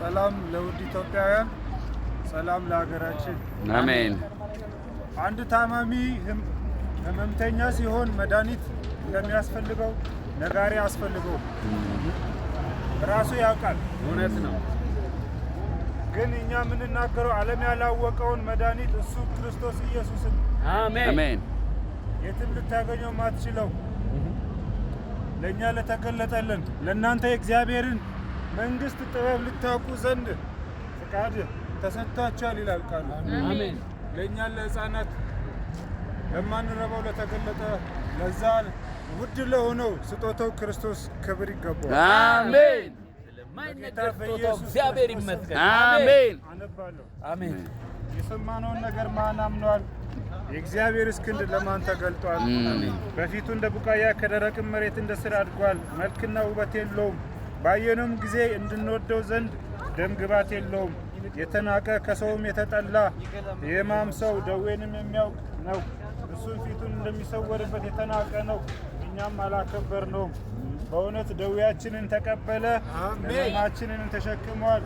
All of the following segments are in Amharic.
ሰላም ለውድ ኢትዮጵያውያን፣ ሰላም ለሀገራችን። አሜን። አንድ ታማሚ ህመምተኛ ሲሆን መድኃኒት እንደሚያስፈልገው ነጋሪ አስፈልገው ራሱ ያውቃል። እውነት ነው። ግን እኛ የምንናገረው ዓለም ያላወቀውን መድኃኒት እሱ ክርስቶስ ኢየሱስን አሜን። የትም ልታገኘው ማትችለው ለእኛ ለተገለጠልን ለእናንተ እግዚአብሔርን መንግስት ጥበብ ልታውቁ ዘንድ ፍቃድ ተሰጥቷቸዋል ይላል ቃሉ። አሜን። ለእኛ ለህፃናት ለማንረባው ለተገለጠ ለዛ ውድ ለሆነው ስጦታው ክርስቶስ ክብር ይገባዋል። እግዚአብሔር ይመስገን። አሜን። የሰማነውን ነገር ማን አምኗል? የእግዚአብሔር እስክንድ ለማን ተገልጧል? በፊቱ እንደ ቡቃያ ከደረቅ መሬት እንደ ስር አድጓል። መልክና ውበት የለውም ባየነውም ጊዜ እንድንወደው ዘንድ ደም ግባት የለውም። የተናቀ ከሰውም የተጠላ የሕማም ሰው ደዌንም የሚያውቅ ነው። እሱን ፊቱን እንደሚሰወርበት የተናቀ ነው፣ እኛም አላከበር ነውም። በእውነት ደዌያችንን ተቀበለ፣ ማችንን ተሸክሟል።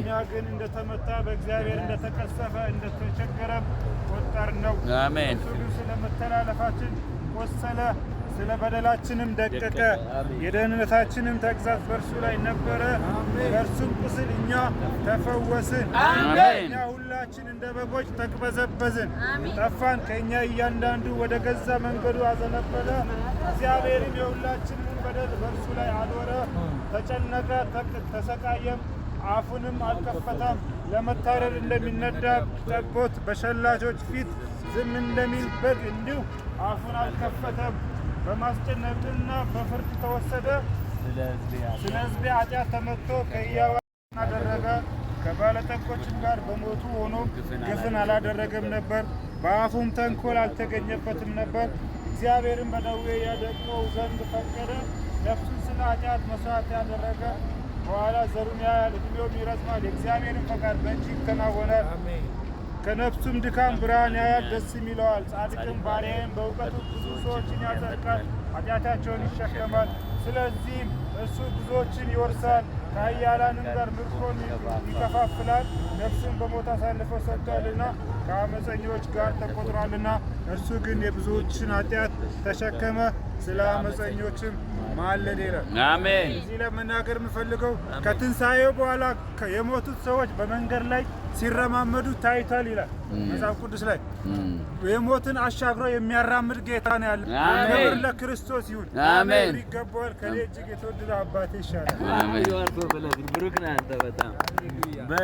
እኛ ግን እንደተመታ በእግዚአብሔር እንደተቀሰፈ እንደተቸገረም ቆጠር ነው። እሱ ወሰለ። ቆሰለ ስለ በደላችንም ደቀቀ፣ የደህንነታችንም ተግዛት በእርሱ ላይ ነበረ፣ በእርሱም ቁስል እኛ ተፈወስን። እኛ ሁላችን እንደ በጎች ተቅበዘበዝን፣ ጠፋን፣ ከእኛ እያንዳንዱ ወደ ገዛ መንገዱ አዘነበለ። እግዚአብሔርም የሁላችንን በደል በእርሱ ላይ አኖረ። ተጨነቀ፣ ተሰቃየም፣ አፉንም አልከፈተም። ለመታረድ እንደሚነዳ ጠቦት በሸላቾች ፊት ዝም እንደሚል በግ እንዲሁ አፉን አልከፈተም። በማስጨነቅና በፍርድ ተወሰደ። ስለ ሕዝቤ ኃጢአት ተመትቶ ከሕያዋን አደረገ። ከባለጠጎችም ጋር በሞቱ ሆኖ ግፍን አላደረገም ነበር፣ በአፉም ተንኮል አልተገኘበትም ነበር። እግዚአብሔርም በደዌ ያደቅቀው ዘንድ ፈቀደ። ነፍሱን ስለ ኃጢአት መሥዋዕት ያደረገ በኋላ ዘሩን ያያል፣ ዕድሜውም ይረዝማል፣ የእግዚአብሔርን ፈቃድ በእጅ ይከናወናል። ከነፍሱም ድካም ብርሃን ያያል፣ ደስ ይለዋል። ጻድቅም ባሪያዬም በእውቀቱ ብዙ ሰዎችን ያጸድቃል፣ ኃጢአታቸውን ይሸከማል። ስለዚህም እሱ ብዙዎችን ይወርሳል፣ ከኃያላንም ጋር ምርኮን ይከፋፍላል። ነፍሱን በሞት አሳልፎ ሰጥቷልና ከአመፀኞች ጋር ተቆጥሯልና። እርሱ ግን የብዙዎችን ኃጢአት ተሸከመ፣ ስለ አመፀኞችም ማለድ ይላል። አሜን። እዚህ ላይ የምፈልገው ከትንሣኤው በኋላ የሞቱት ሰዎች በመንገድ ላይ ሲረማመዱ ታይቷል ይላል መጽሐፍ ቅዱስ ላይ። የሞትን አሻግሮ የሚያራምድ ጌታ ነው ያለ። ክብር ለክርስቶስ ይሁን። አሜን። ይገባዋል። ከኔ እጅግ የተወደደ አባቴ ይሻላል። አሜን። ብሩክ ነህ አንተ በጣም